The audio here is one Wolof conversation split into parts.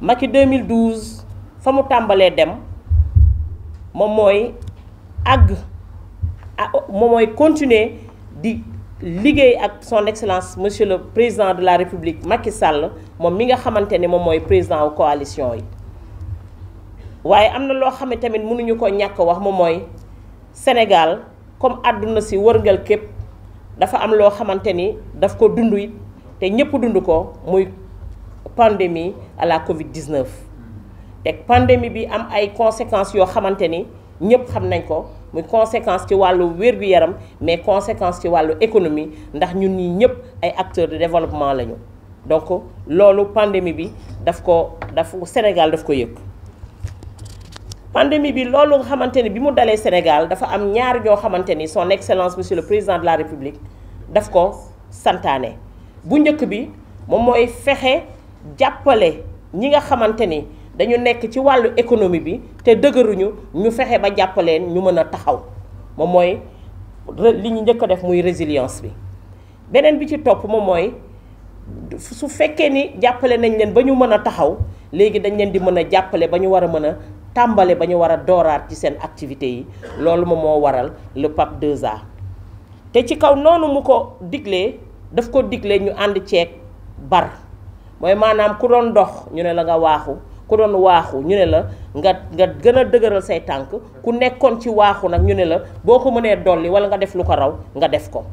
Macky 2012 fa mu tàmbalee dem moom mooy àgg ah moom mooy continuer di liggéey ak son excellence monsieur le président de la république Macky Sall moom mi nga xamante ne moom mooy président wu coalition yi. waaye am na loo xam ne tamit mënuñu ko ñàkk wax moom mooy Sénégal comme àdduna si wërngal képp dafa am loo xamante ni daf ko dund it te ñëpp dund ko muy. pandémie à la Covid-19 te pandémie bi am ay conséquences yoo xamante ni ñëpp xam nañ ko muy conséquence ci wàllu wér-gu-yaram mais conséquence ci wàllu économie ndax ñun ñi ñëpp ay acteurs de développement lañu donc loolu pandémie bi daf ko daf Sénégal daf ko yëg pandémie bi loolu xamante ni bi mu dalee Sénégal dafa am ñaar ñoo xamante ni son excellence monsieur le président de la république daf ko santaane bu njëkk bi moom mooy fexe jàppale ñi nga xamante ni dañu nekk ci wàllu économie bi te dëgëruñu ñu fexe ba jàppaleen ñu mën a taxaw moom mooy li ñu njëkk a def muy résilience bi beneen bi ci topp moom mooy su fekkee ni jàppale nañ leen ba ñu mën a taxaw léegi dañ leen di mën a jàppale ba ñu war a mën a tàmbale ba ñu war a dooraat ci seen activité yi loolu moom moo waral le PAP 2A te ci kaw noonu mu ko diglee daf ko diglee ñu ànd ceeg bar mooy maanaam ku doon dox ñu ne la nga waaxu ku doon waaxu ñu ne la nga nga gën a dëgëral say tànk ku nekkoon ci waaxu nag ñu ne la boo ko mënee dolli walla nga def lu ko raw nga def ko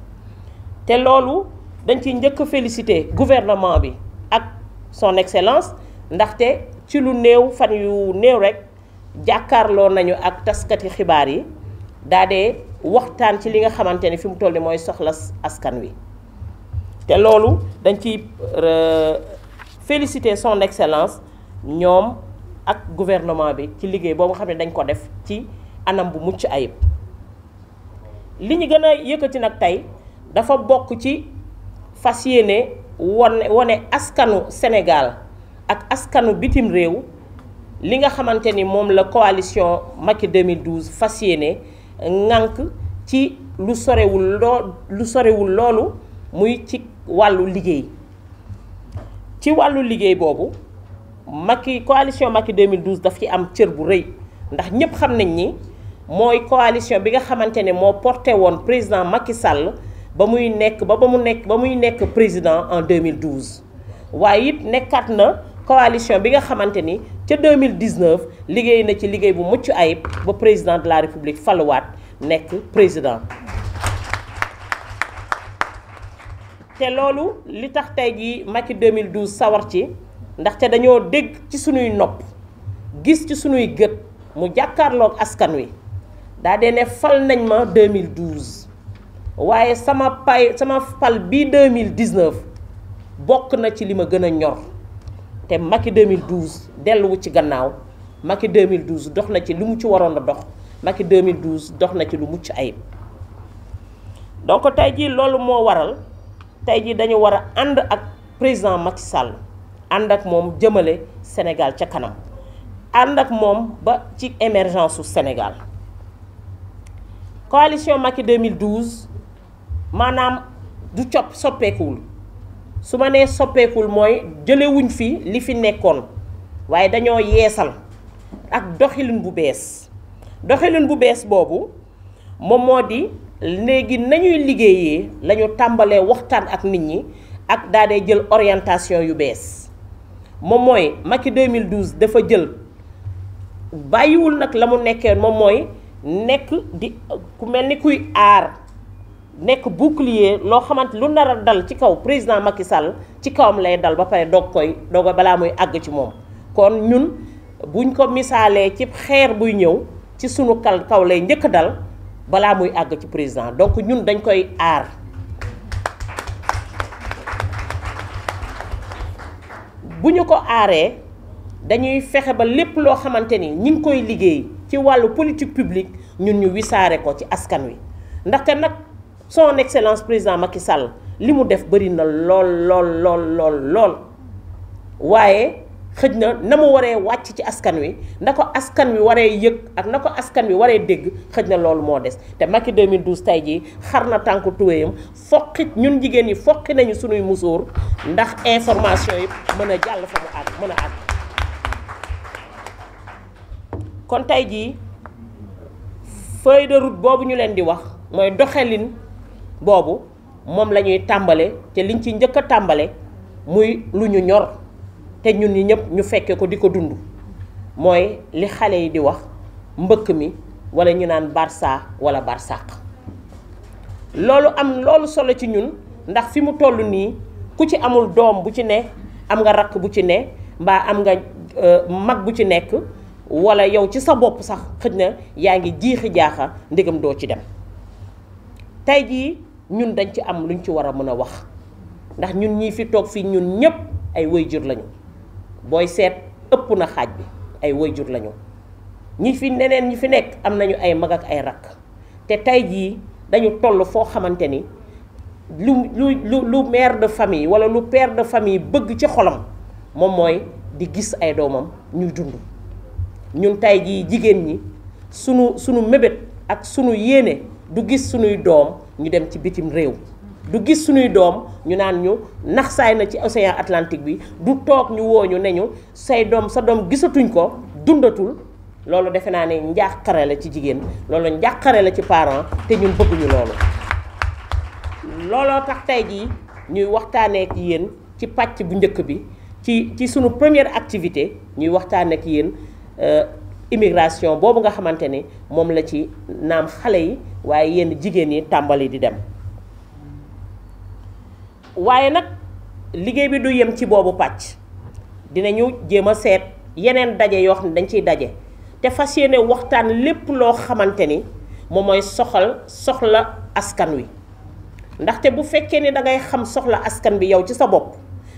te loolu dañ ci njëkk a félicité gouvernement bi ak son excellence ndaxte ci lu néew fan yu néew rekk jàkkaarloo nañu ak taskati xibaar yi daa dee waxtaan ci li nga xamante ne fi mu toll ni mooy soxla askan wi te loolu dañ ci euh, féliciter son excellence ñoom ak gouvernement bi ci liggéey boo nga xam ne dañ ko def ci anam bu mucc ayib li ñu gën a yëkkati nag tey dafa bokk ci fas yéene wane wane askanu Sénégal ak askanu bitim réew li nga xamante ni moom la coalition Macky 2012 fas yéene ŋànk ci lu sorewul loo lu sorewul loolu muy ci wàllu liggéey ci wàllu liggéey boobu mag Macky coalition Macky 2012 daf ci am cër bu rëy ndax ñëpp xam nañ ni mooy coalition bi nga xamante ne moo porté woon président Macky sàll ba muy nekk ba ba mu nekk ba muy nekk président en 2012. waaye it nekkaat na coalition bi nga xamante ni ca 2019 liggéey na ci liggéey bu mucc ayib ba président de la république faluwaat nekk président. te loolu li tax tey jii Macky 2012 sawar ci ndaxte dañoo dégg ci suñuy nopp gis ci sunuy gët mu jàkkaarloog askan wi daa dee ne fal nañ ma 2012 waaye sama pay sama fal bii 2019 bokk na ci li ma gën a ñor te Macky 2012 delluwu ci gannaaw Macky 2012 dox na ci li mu ci waroon a dox Macky 2012 dox na ci lu mucc ayib donc tey jii loolu moo waral. tey jii dañu war a ànd ak président Macky Sall ànd ak moom jëmale Sénégal ca kanam ànd ak moom ba ci émergence su Sénégal coalition Macky 2012 maanaam du cop soppeekul su ma nee soppeekul mooy jëlewuñ fi li fi nekkoon waaye dañoo yeesal ak doxilin bu bees doxilin bu bees boobu moom moo di léegi nañuy liggéeyee lañu tàmbalee waxtaan ak nit ñi ak daa jël orientation yu bees moom mooy Macky 2012 dafa jël bàyyiwul nag la mu nekkee moom mooy nekk di ku mel ni kuy aar nekk bouclier loo xamante lu nar dal ci kaw président Macky Sall ci kawam lay dal ba pare doog koy doog balaa muy àgg ci moom kon ñun buñ ko misaalee ci xeer buy ñëw ci sunu kal kaw lay njëkk dal balaa muy àgg ci président donc ñun dañ koy aar bu ñu ko aaree dañuy fexe ba lépp loo xamante ni ñu ngi koy liggéey ci wàllu politique publique ñun ñu wisaare ko ci askan wi ndaxte nag son excellence président Macky Sall li mu def bëri na lool lool lool lool lool waaye xëj na na mu waree wàcc ci askan wi na ko askan wi waree yëg ak na ko askan wi waree dégg xëj na loolu moo des te Macky 2012 tey jii xar na tànk tuwéyam foqit ñun jigéen yi foqi nañu suñuy musóor ndax information yi mën a jàll fa mu àgg mën a àgg kon tey jii feuille de boobu ñu leen di wax mooy doxalin boobu moom la ñuy tàmbale te liñ ci njëkk a tàmbale muy lu ñu ñor te ñun ñi ñëpp ñu fekkee ko di ko dund mooy li xale yi di wax mbëkk mi wala ñu naan barsa wala Barsaq loolu am loolu solo ci ñun ndax fi mu toll nii ku ci amul doom bu ci ne am nga rakk bu ci ne mbaa am nga euh, mag bu ci nekk wala yow ci sa bopp sax xëj na yaa ngi jiixi jaaxa ndegam doo ci dem tey jii ñun dañ ci am luñ ci war a mën a wax ndax ñun ñii fi toog fii ñun ñëpp ay waajur lañu booy seet ëpp na xaaj bi ay woyjur lañu ñi fi neneen ñi fi nekk am nañu ay mag ak ay rakk te tey jii dañu toll foo xamante ni lu lu lu lu mère de famille walla lu père de famille bëgg ci xolam moom mooy di gis ay doomam ñuy dund ñun tey jii jigéen ñi sunu sunu mébét ak sunu yéene du gis sunuy doom ñu dem ci bitim réew du gis suñuy doom ñu naan ñu nax saay na ci océan Atlantique bi du toog ñu wooñu ne ñu say doom sa doom gisatuñ ko dundatul loolu defe naa ne njàqare la ci jigéen loolu njàqare la ci parent te ñun bëgguñu loolu looloo tax tey jii ñuy waxtaanee ak yéen ci pàcc bu njëkk bi ci ci sunu première activité ñuy waxtaaneek ak yéen euh, immigration boobu nga xamante ne moom la ci naam xale yi waaye yenn jigéen yi tàmbali di dem waaye nag liggéey bi du yem ci boobu pàcc dinañu jéem a seet yeneen daje yoo xam ne dañ ciy daje te fas yéene waxtaan lépp loo xamante ni moom mooy soxal soxla askan wi ndaxte bu fekkee ni da ngay xam soxla askan bi yow ci sa bopp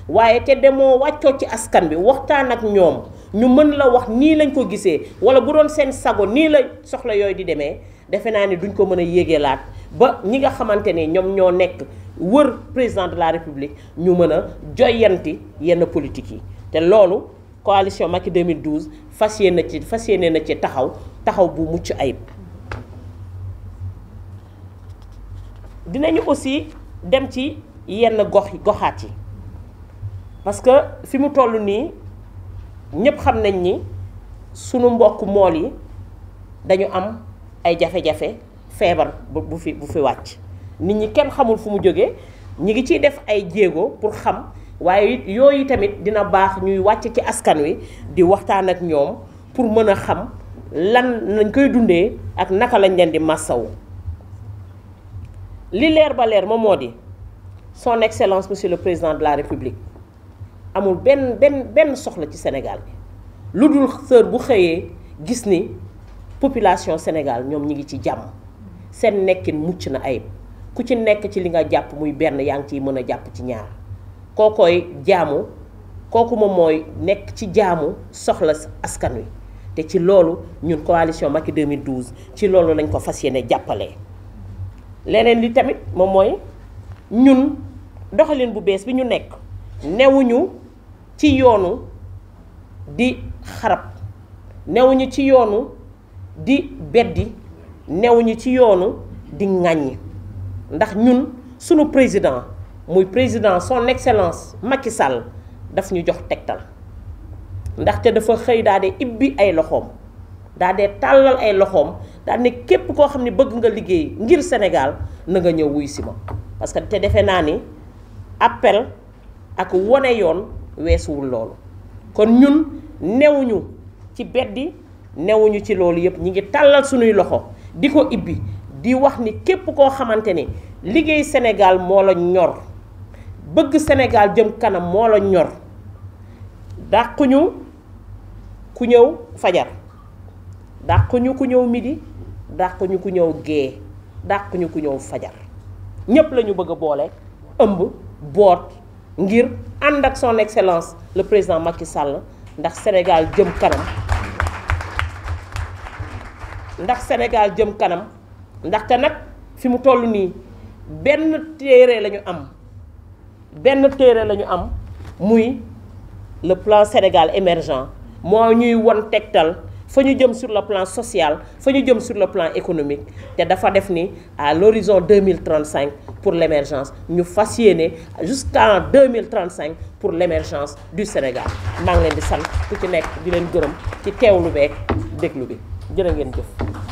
waaye te demoo wàccoo ci askan bi waxtaan ak ñoom ñu mën la wax nii lañ ko gisee wala bu doon seen sago nii la soxla yooyu di demee defe naa ne duñ ko mën a laat ba ñi nga xamante ni ñoom ñoo nekk wër président de la république ñu mën a joyanti yenn politique yi te loolu coalition Macky 2012 fas yéene na ci fas yéene na ci taxaw taxaw bu mucc ayib dinañu aussi dem ci yenn gox yi goxaat yi parce que fi mu toll nii ñépp xam nañ ni sunu mbokk mool yi dañu am ay jafe-jafe feebar bu fi bu fi wàcc nit ñi kenn xamul fu mu jógee ñi ngi ciy def ay jéego pour xam waaye it yooyu tamit dina baax ñuy wàcc ci askan wi di waxtaan ak ñoom pour mën a xam lan nañ koy dundee ak naka lañ leen di massawu li leer ba leer moom moo di son excellence monsieur le président de la république amul benn benn benn soxla ci Sénégal bi lu dul sër bu xëyee gis ni population Sénégal ñoom ñi ngi ci jàmm seen nekkin mucc na ayib ku ci nekk ci li nga jàpp muy benn yaa ngi ciy mën a jàpp ci ñaar kookooy jaamu kooku moom mooy nekk ci jaamu soxla askan wi te ci loolu ñun coalition Macky 2012 ci loolu lañ ko fas yéene jàppale leneen li tamit moom mooy ñun doxalin bu bees bi ñu nekk newuñu ci yoonu di xarab newuñu ci yoonu di beddi newuñu ci yoonu di ŋàññi. ndax ñun sunu président muy président son excellence Macky Sall daf ñu jox tegtal ndaxte dafa xëy daa dee ibbi ay loxoom daa dee tàllal ay loxoom daa ne képp koo xam ne bëgg nga liggéey ngir Sénégal na nga ñëw wuy si ma parce que te defe naa ni appel ak wone yoon weesuwul loolu kon ñun newuñu ci beddi newuñu ci loolu yëpp ñi ngi tàllal sunuy loxo di ko ibbi di wax ni képp koo xamante ni liggéey senegal moo la ñor bëgg senegal jëm kanam moo la ñor dàquñu ku ñëw fajar ñu ku ñëw midi dàquñu ku ñëw gée dàquñu ku ñëw fajar ñépp lañu bëgg a boole ëmb boot ngir ànd ak son excellence le président Macky Sall ndax Sénégal jëm kanam ndax Sénégal jëm kanam ndaxte nag fi mu toll nii benn téere la ñu am benn téere la ñu am muy le plan Sénégal émergent moo ñuy won tegtal fa ñu jëm sur le plan social fa ñu jëm sur le plan économique te dafa def ni à l'horizon 2035 pour l'émergence ñu fas yéene jusqu'en 2035 pour l'émergence du Sénégal maa ngi leen di sant ku ci nekk di leen gërëm ci teewlu beeg déglu bi jërë ngeen jëf